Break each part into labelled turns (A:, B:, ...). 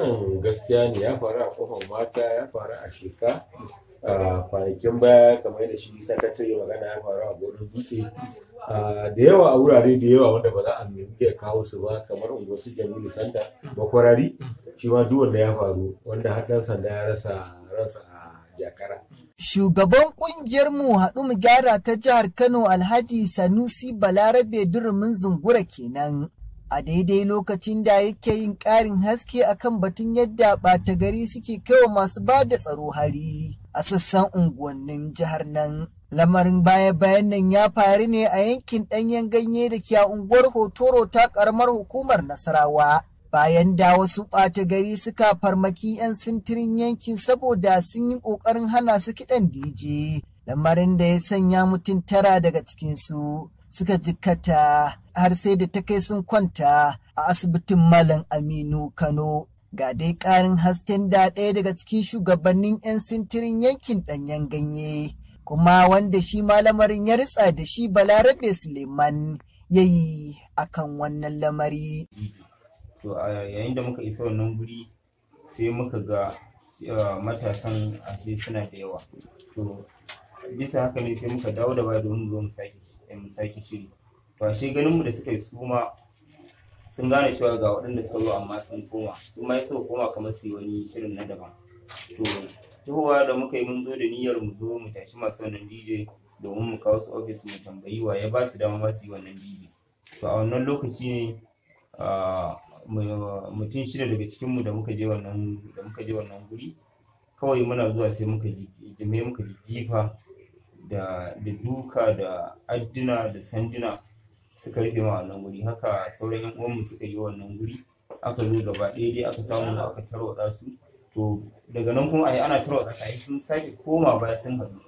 A: wannan gaskiya ne ya faru a kofar mata ya faru a sheka kwanakin baya kamar da shi sakatare magana ya faru a gonar dutse da yawa a wurare da yawa wanda ba za a iya kawo su ba kamar unguwar su jamilu sanda makwarari shi ma duk wanda ya faru wanda har sanda ya rasa ransa a jakara
B: Shugaban kungiyar mu haɗu mu gyara ta jihar Kano Alhaji Sanusi Balarabe Durumin Zungura kenan. a daidai lokacin da yake yin ƙarin haske akan batun yadda ɓata gari suke kaiwa masu ba da tsaro hari a sassan unguwannin jihar nan lamarin baya-bayan nan ya faru ne a yankin ɗanyen ganye da ke a unguwar hotoro ta ƙaramar hukumar nasarawa bayan da wasu ɓata gari suka farmaki 'yan sintirin yankin saboda sun yi ƙoƙarin hana su kiɗan dj lamarin da ya sanya mutum tara daga cikinsu suka jikata har sai da ta kai sun kwanta a asibitin Malam Aminu Kano. Ga dai ƙarin hasken da ɗaya daga cikin shugabannin 'yan sintirin yankin ɗanyen ganye, kuma wanda shi malamarin ya ritsa da shi Balarabe Suleiman ya yi a kan wannan lamari.
C: To yayin da muka isa wannan guri sai muka ga eh, matasan ashe suna da yawa. bisa haka ne sai muka dawo da baya domin zo eh, mu sake shiri to shi ganin mu da suka yi ma sun gane cewa ga waɗanda suka zo amma sun koma sun ma suka koma kamar su yi wani shirin na daban to jihowa da muka yi mun zo da niyyar mu zo mu tashi masu wannan dj domin mu kawo su ofis mu tambayi wa ya ba su dama ma su wannan dj to a wannan lokaci ne mutum shida daga cikinmu da muka je wannan da muka je wannan guri kawai muna zuwa sai muka ji muka ji jifa da duka da adduna da sanduna suka rufe ma wannan guri haka sauran yan uwanmu suka yi wannan guri aka zo gaba ɗaya dai aka samu aka tarwatsa su to daga nan kuma ai ana tarwatsa ai sun sake koma baya sun haɗu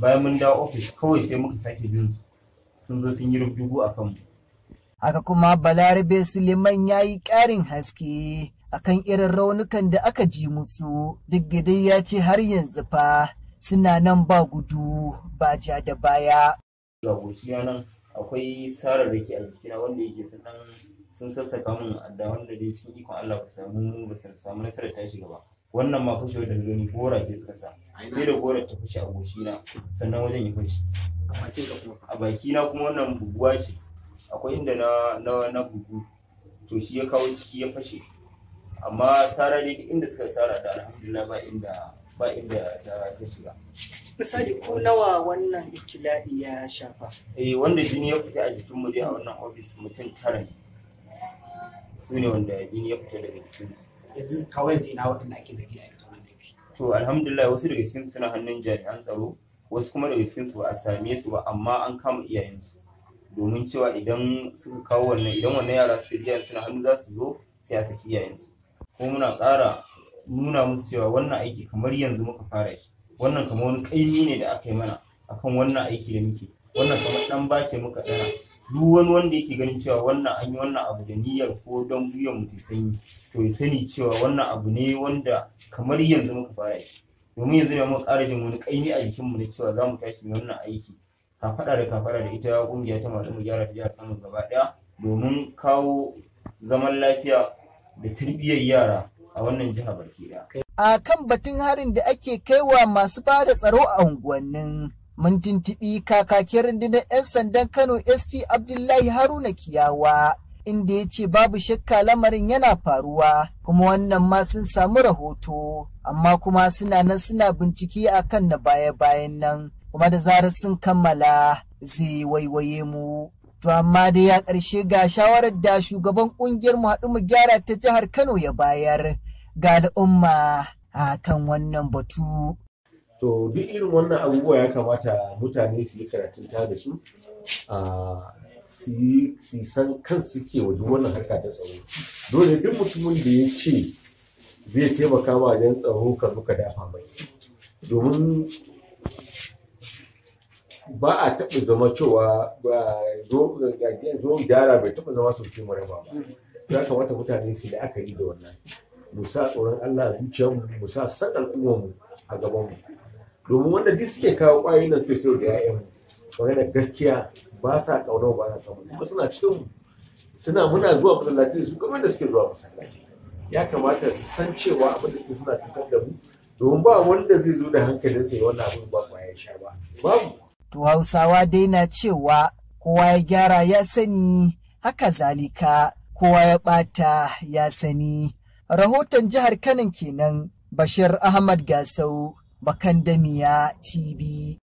C: bayan mun dawo ofis kawai sai muka sake jin sun zo sun yi rubdugu a kanmu
B: haka kuma balarabe suleiman ya yi ƙarin haske akan irin raunukan da aka ji musu duk ya ce har yanzu fa suna nan ba gudu ba ja da baya.
C: Ga nan akwai tsara sararraki a jikina wanda yake sun sun sassaka min adda wanda dai cikin ikon Allah ba samu ba samu nasarar tashi gaba. Wannan ma fushi da miliyoni gora ce suka sa. Sai da gora ta fashe a goshina sannan wajen ya fushi. A bakina kuma wannan buguwa ce. Akwai inda na na na bugu to shi ya kawo ciki ya fashe. Amma sarari inda suka tsara, da alhamdulillah ba inda ba inda ta su shiga misali ko nawa
B: wannan ikila'i ya shafa eh wanda jini
C: ya fita a jikin mu a wannan ofis mutum tara ne su ne wanda jini ya fita daga jikin yanzu kawai jina waɗanda ake zagi a ita wanda to alhamdulillah wasu daga cikin suna hannun jami'an tsaro wasu kuma daga cikin su ba a same su ba amma an kama iyayensu domin cewa idan suka kawo wannan idan wannan yara suka iyayen suna hannu za su zo sai a saki iyayensu ko muna ƙara nuna musu cewa wannan aiki kamar yanzu muka fara shi wannan kamar wani kaimi ne da aka yi mana akan wannan aiki da muke wannan kamar dan bace muka dara duk wani wanda yake ganin cewa wannan an yi wannan abu da niyyar ko don buyan mu ta sanyi to ya sani cewa wannan abu ne wanda kamar yanzu muka fara shi domin yanzu ne mu ƙara jin wani kaimi a jikin mu na cewa za mu tashi wannan aiki fada da kafaɗa da ita kungiya ta malamu gyara ta jihar Kano gaba ɗaya domin kawo zaman lafiya da tarbiyyar yara a wannan jiha baki
B: A kan batun harin da ake kaiwa masu ba da tsaro a
C: unguwannin
B: mun tuntuɓi kakakin rundunar 'yan sandan Kano SP Abdullahi Haruna Kiyawa inda ya ce babu shakka lamarin yana faruwa kuma wannan ma sun samu rahoto amma kuma suna nan suna bincike a kan na baya-bayan nan kuma da zarar sun kammala zai waiwaye mu. To amma dai ya ƙarshe ga shawarar da shugaban ƙungiyar mu haɗu mu gyara ta jihar Kano ya bayar ga al'umma a kan wannan batu.
A: To duk irin wannan abubuwa ya kamata mutane su yi karatun ta da su su san kan suke wa duk wannan harka ta tsaro. Dole duk mutumin da ya ce zai taimaka ma wajen tsaro kan muka dafa mai. Domin ba a taɓa zama cewa zo gyara bai taɓa zama sauƙi mara ba. Ya kamata mutane su da aka yi da wannan. mu sa tsoron Allah a zuciyarmu mu sa san mu a gabanmu domin wanda duk suke kawo ƙwayoyin da suke so da 'ya'yanmu magana gaskiya ba sa ƙaunar ba na samu kuma suna cikin suna muna zuwa masallaci su kamar da suke zuwa masallaci ya kamata su san cewa abin da suke suna cutar da mu domin ba wanda zai zo da hankalin ya wannan abin ba ƙwayar sha ba babu.
B: to hausawa dai na cewa kowa ya gyara ya sani haka zalika kowa ya ɓata ya sani rahoton jihar Kanin kenan Bashir Ahmad Gasau, Bakandamiya TV.